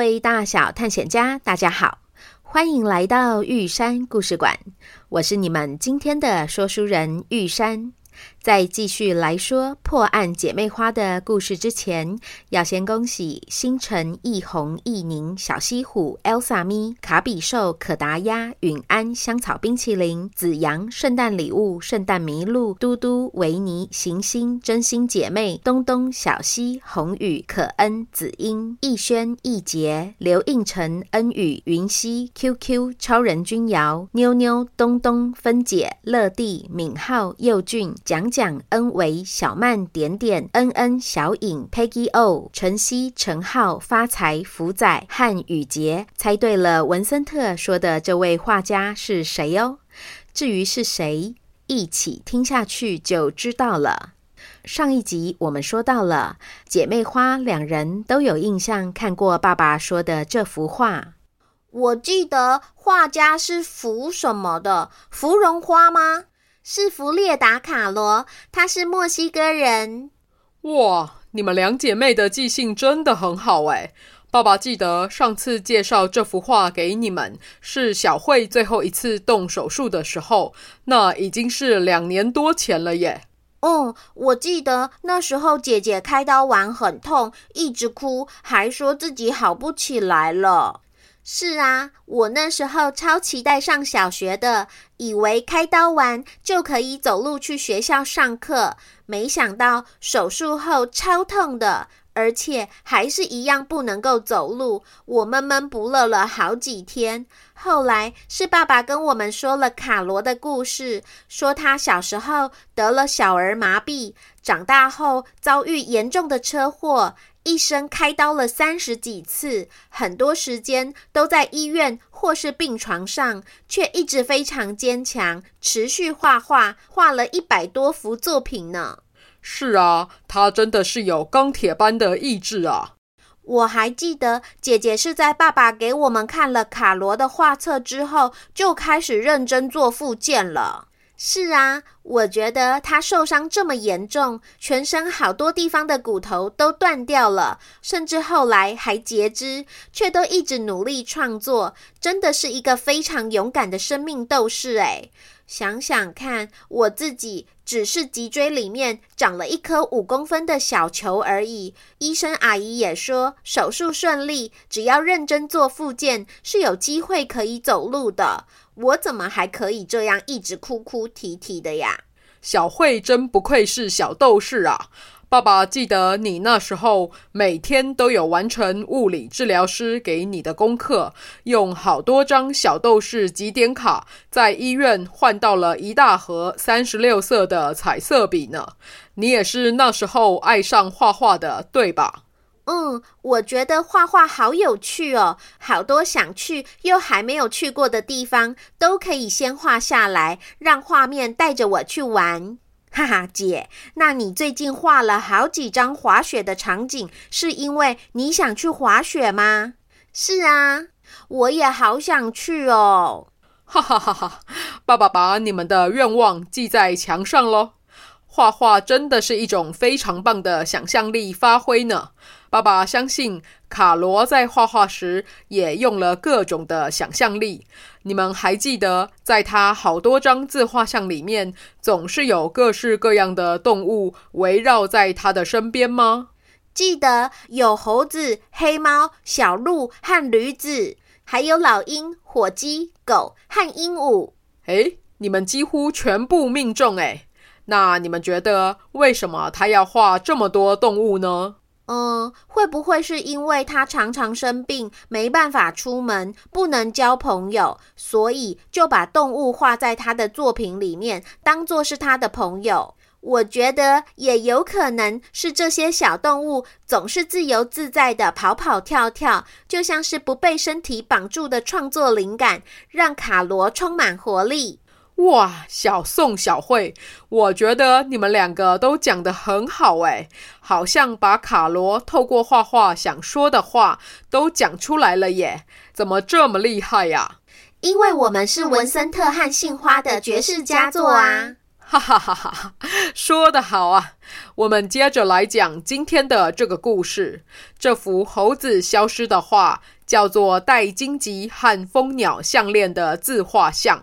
各位大小探險家，大家好，歡迎來到玉山故事館，我是你們今天的說書人玉山。在繼續來說破案姐妹花的故事之前，要先恭喜星辰、易紅、易寧、小西虎、Elsa 咪、卡比獸、可達鴨、允安、香草冰淇淋、紫陽、聖誕禮物、聖誕麋鹿、嘟嘟、維尼、行星、真心姐妹、東東、小西、紅雨、可恩、紫英、逸軒、逸杰、劉映辰、恩宇、雲溪、QQ、超人君瑤、妞妞、東東、分解、樂蒂、敏浩、佑俊、蔣、蔣恩偉、小曼、點點、恩恩、小穎、Peggy O、晨曦、陳浩、發財、福仔、漢語杰，猜對了！文森特說的這位畫家是誰哦？至於是誰，一起聽下去就知道了。上一集我們說到了姐妹花，兩人都有印象看過爸爸說的這幅畫。我記得畫家是芙什麼的，芙蓉花嗎？是弗列達·卡羅，她是墨西哥人。哇，你們兩姐妹的記性真的很好哎！爸爸記得上次介紹這幅畫給你們，是小慧最後一次動手術的時候，那已經是兩年多前了耶。嗯，我記得那時候姐姐開刀完很痛，一直哭，還說自己好不起來了。是啊，我那時候超期待上小學的，以為開刀完就可以走路去學校上課，沒想到手術後超痛的，而且還是一樣不能夠走路。我悶悶不樂了好幾天，後來是爸爸跟我們說了卡羅的故事，說他小時候得了小兒麻痹，長大後遭遇嚴重的車禍。一生開刀了三十幾次，很多時間都在醫院或是病床上，卻一直非常堅強，持續畫畫，畫了一百多幅作品呢。是啊，他真的是有鋼鐵般的意志啊！我還記得，姐姐是在爸爸給我們看了卡羅的畫冊之後，就開始認真做復健了。是啊，我覺得他受傷這麼嚴重，全身好多地方的骨頭都斷掉了，甚至後來還截肢，卻都一直努力創作，真的是一個非常勇敢的生命鬥士耶！想想看，我自己只是脊椎裡面長了一顆五公分的小球而已，醫生阿姨也說手術順利，只要認真做復健，是有機會可以走路的。我怎麼還可以這樣一直哭哭啼啼的呀？小慧真不愧是小鬥士啊！爸爸記得你那時候每天都有完成物理治療師給你的功課，用好多張小鬥士集點卡，在醫院換到了一大盒三十六色的彩色筆呢。你也是那時候愛上畫畫的，對吧？嗯，我覺得畫畫好有趣哦，好多想去又還沒有去過的地方都可以先畫下來，讓畫面帶着我去玩。哈哈，姐，那你最近畫了好幾張滑雪的場景，是因為你想去滑雪嗎？是啊，我也好想去哦。哈哈哈哈，爸爸把你們的願望記在牆上嘍。畫畫真的是一種非常棒的想象力發揮呢。爸爸相信卡羅在畫畫時也用了各種的想象力。你們還記得，在他好多張自畫像裡面，總是有各式各樣的動物圍繞在他的身邊嗎？記得有猴子、黑貓、小鹿和驢子，還有老鷹、火雞、狗和鸚鵡。誒，你們幾乎全部命中誒。那你們覺得為什麼他要畫這麼多動物呢？嗯，會不會是因為他常常生病，沒辦法出門，不能交朋友，所以就把動物畫在他的作品裡面，當作是他的朋友。我覺得也有可能是這些小動物總是自由自在的跑跑跳跳，就像是不被身體綁住的創作靈感，讓卡羅充滿活力。哇，小宋、小慧，我覺得你們兩個都講得很好哎，好像把卡羅透過畫畫想說的話都講出來了耶！怎麼這麼厲害呀、啊？因為我們是文森特和杏花的絕世佳作啊！哈哈哈哈，說得好啊！我們接着來講今天的這個故事。這幅猴子消失的畫叫做《戴荊棘和蜂鳥項鏈的自畫像》。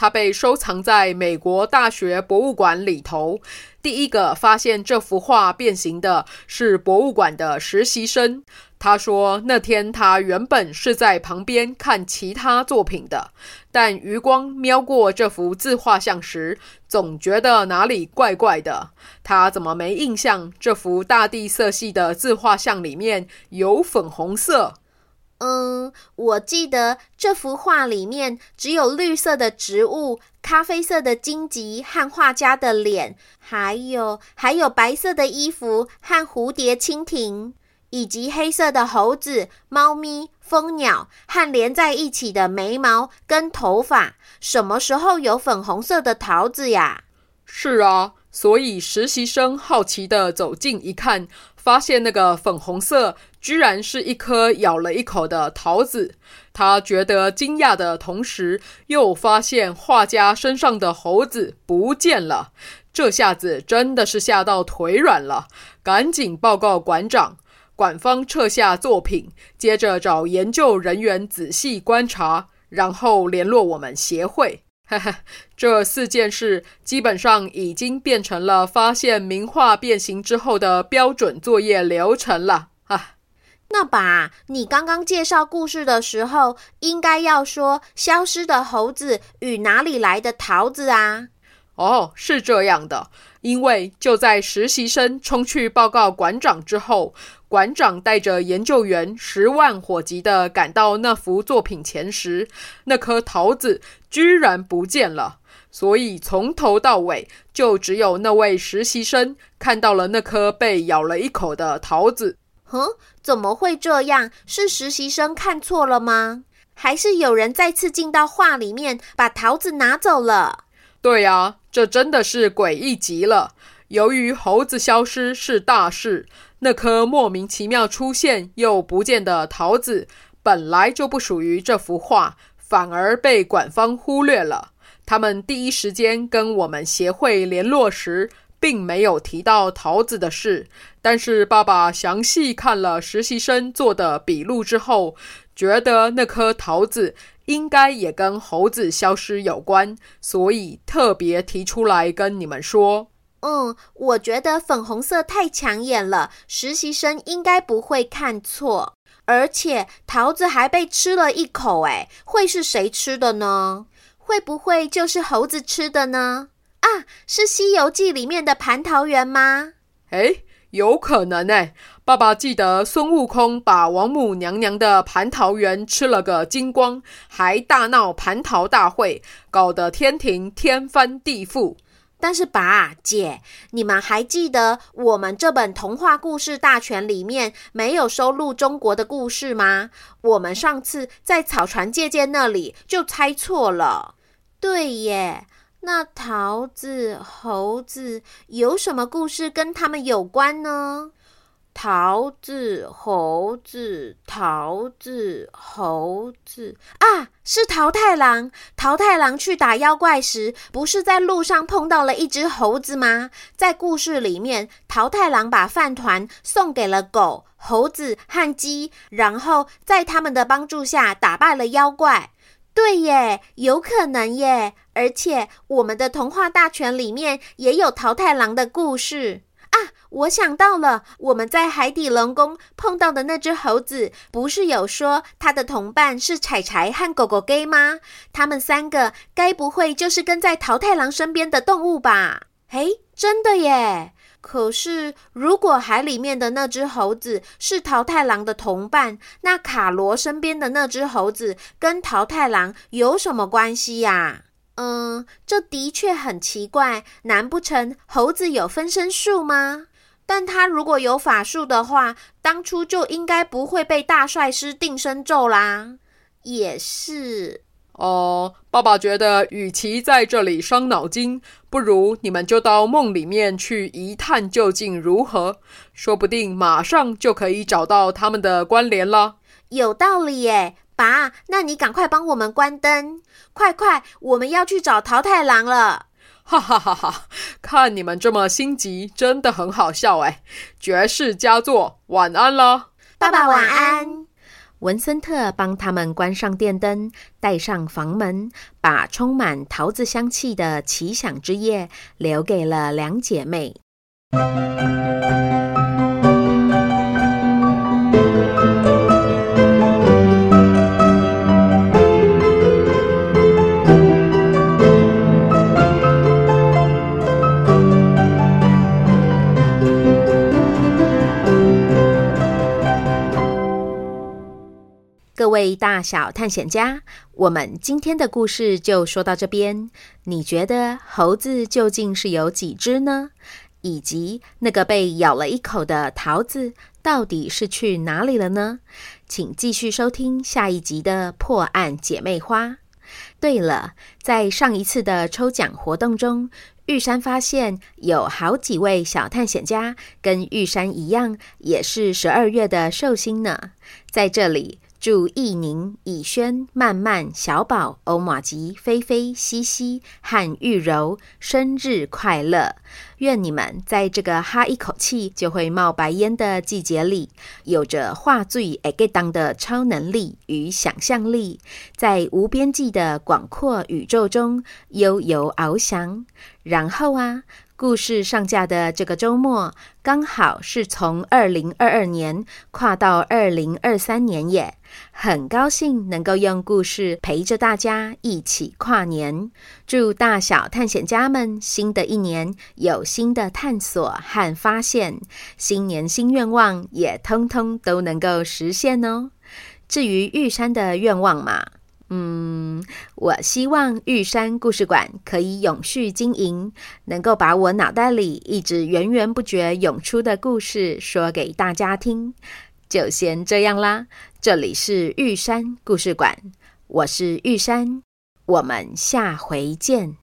他被收藏在美國大學博物館裡頭。第一個發現這幅畫變形的是博物館的實習生。他說，那天他原本是在旁邊看其他作品的，但餘光瞄過這幅自畫像時，總覺得哪裡怪怪的。他怎麼沒印象？這幅大地色系的自畫像裡面有粉紅色。嗯，我記得這幅畫裡面只有綠色的植物、咖啡色的荊棘和畫家的臉，還有還有白色的衣服和蝴蝶、蜻蜓，以及黑色的猴子、貓咪、蜂鳥和連在一起的眉毛跟頭髮。什麼時候有粉紅色的桃子呀？是啊，所以實習生好奇地走近一看。發現那個粉紅色居然是一顆咬了一口的桃子，他覺得驚訝的同時，又發現畫家身上的猴子不見了。這下子真的是嚇到腿軟了，趕緊報告館長。館方撤下作品，接着找研究人員仔細觀察，然後聯絡我們協會。哈哈， 這四件事基本上已經變成了發現名畫變形之後的標準作業流程了，哈、啊，那把，你剛剛介紹故事的時候，應該要說《消失的猴子與哪裡來的桃子》啊。哦，是這樣的。因為就在實習生衝去報告館長之後，館長帶着研究員十萬火急地趕到那幅作品前時，那顆桃子居然不見了。所以從頭到尾，就只有那位實習生看到了那顆被咬了一口的桃子。哼、嗯，怎麼會這樣？是實習生看錯了嗎？還是有人再次進到畫裡面把桃子拿走了？對啊，這真的是詭異極了。由於猴子消失是大事，那顆莫名其妙出現又不見的桃子本來就不屬於這幅畫，反而被館方忽略了。他們第一時間跟我們協會聯絡時，並沒有提到桃子的事。但是爸爸詳細看了實習生做的筆錄之後，覺得那顆桃子應該也跟猴子消失有關，所以特別提出來跟你們說。嗯，我覺得粉紅色太搶眼了，實習生應該不會看錯。而且桃子還被吃了一口，哎，會是誰吃的呢？會不會就是猴子吃的呢？啊，是《西遊記》裡面的蟠桃園嗎？誒、哎。有可能呢，爸爸記得孫悟空把王母娘娘的蟠桃園吃了個精光，還大鬧蟠桃大會，搞得天庭天翻地覆。但是，爸、啊、姐，你們還記得我們這本童話故事大全裡面沒有收錄中國的故事嗎？我們上次在草船借箭那裡就猜錯了，對耶。那桃子、猴子有什麼故事跟他們有關呢？桃子、猴子，桃子、猴子啊，是桃太郎。桃太郎去打妖怪時，不是在路上碰到了一隻猴子嗎？在故事裡面，桃太郎把飯糰送給了狗、猴子和雞，然後在他們的幫助下打敗了妖怪。對耶，有可能耶，而且我們的童話大全裡面也有桃太郎的故事啊！我想到了，我們在海底龍宮碰到的那隻猴子，不是有說他的同伴是柴柴和狗狗 gay 嗎？他們三個該不會就是跟在桃太郎身邊的動物吧？嘿，真的耶！可是，如果海裡面的那隻猴子是桃太郎的同伴，那卡羅身邊的那隻猴子跟桃太郎有什麼關係呀？啊？嗯，這的確很奇怪。難不成猴子有分身術嗎？但他如果有法術的話，當初就應該不會被大帥師定身咒啦。也是。哦，爸爸覺得，與其在這裡傷腦筋，不如你們就到夢裡面去一探究竟如何？說不定馬上就可以找到他們的關聯了。有道理耶，爸，那你趕快幫我們關燈，快快，我們要去找桃太郎了！哈哈哈哈，看你們這麼心急，真的很好笑誒！絕世佳作，晚安啦，爸爸晚安。文森特幫他們關上電燈，帶上房門，把充滿桃子香氣的奇想之夜留給了兩姐妹。各位大小探險家，我們今天的故事就說到這邊。你覺得猴子究竟是有幾隻呢？以及那個被咬了一口的桃子到底是去哪裡了呢？請繼續收聽下一集的破案姐妹花。對了，在上一次的抽獎活動中，玉山發現有好幾位小探險家跟玉山一樣，也是十二月的壽星呢。在這裡，祝易寧、以軒、曼曼、小寶、歐瑪吉、菲菲、茜茜、和玉柔生日快樂！願你們在這個哈一口氣就會冒白煙的季節裡，有着化醉阿給當的超能力與想象力，在無邊際的廣闊宇宙中悠游翱翔。然後啊。故事上架的這個週末，剛好是從二零二二年跨到二零二三年也，也很高興能夠用故事陪着大家一起跨年。祝大小探險家們新的一年有新的探索和發現，新年新願望也通通都能夠實現哦。至於玉山的願望嘛，嗯，我希望玉山故事館可以永續經營，能夠把我腦袋裡一直源源不絕湧出的故事說給大家聽。就先這樣啦，這裡是玉山故事館，我是玉山，我們下回見。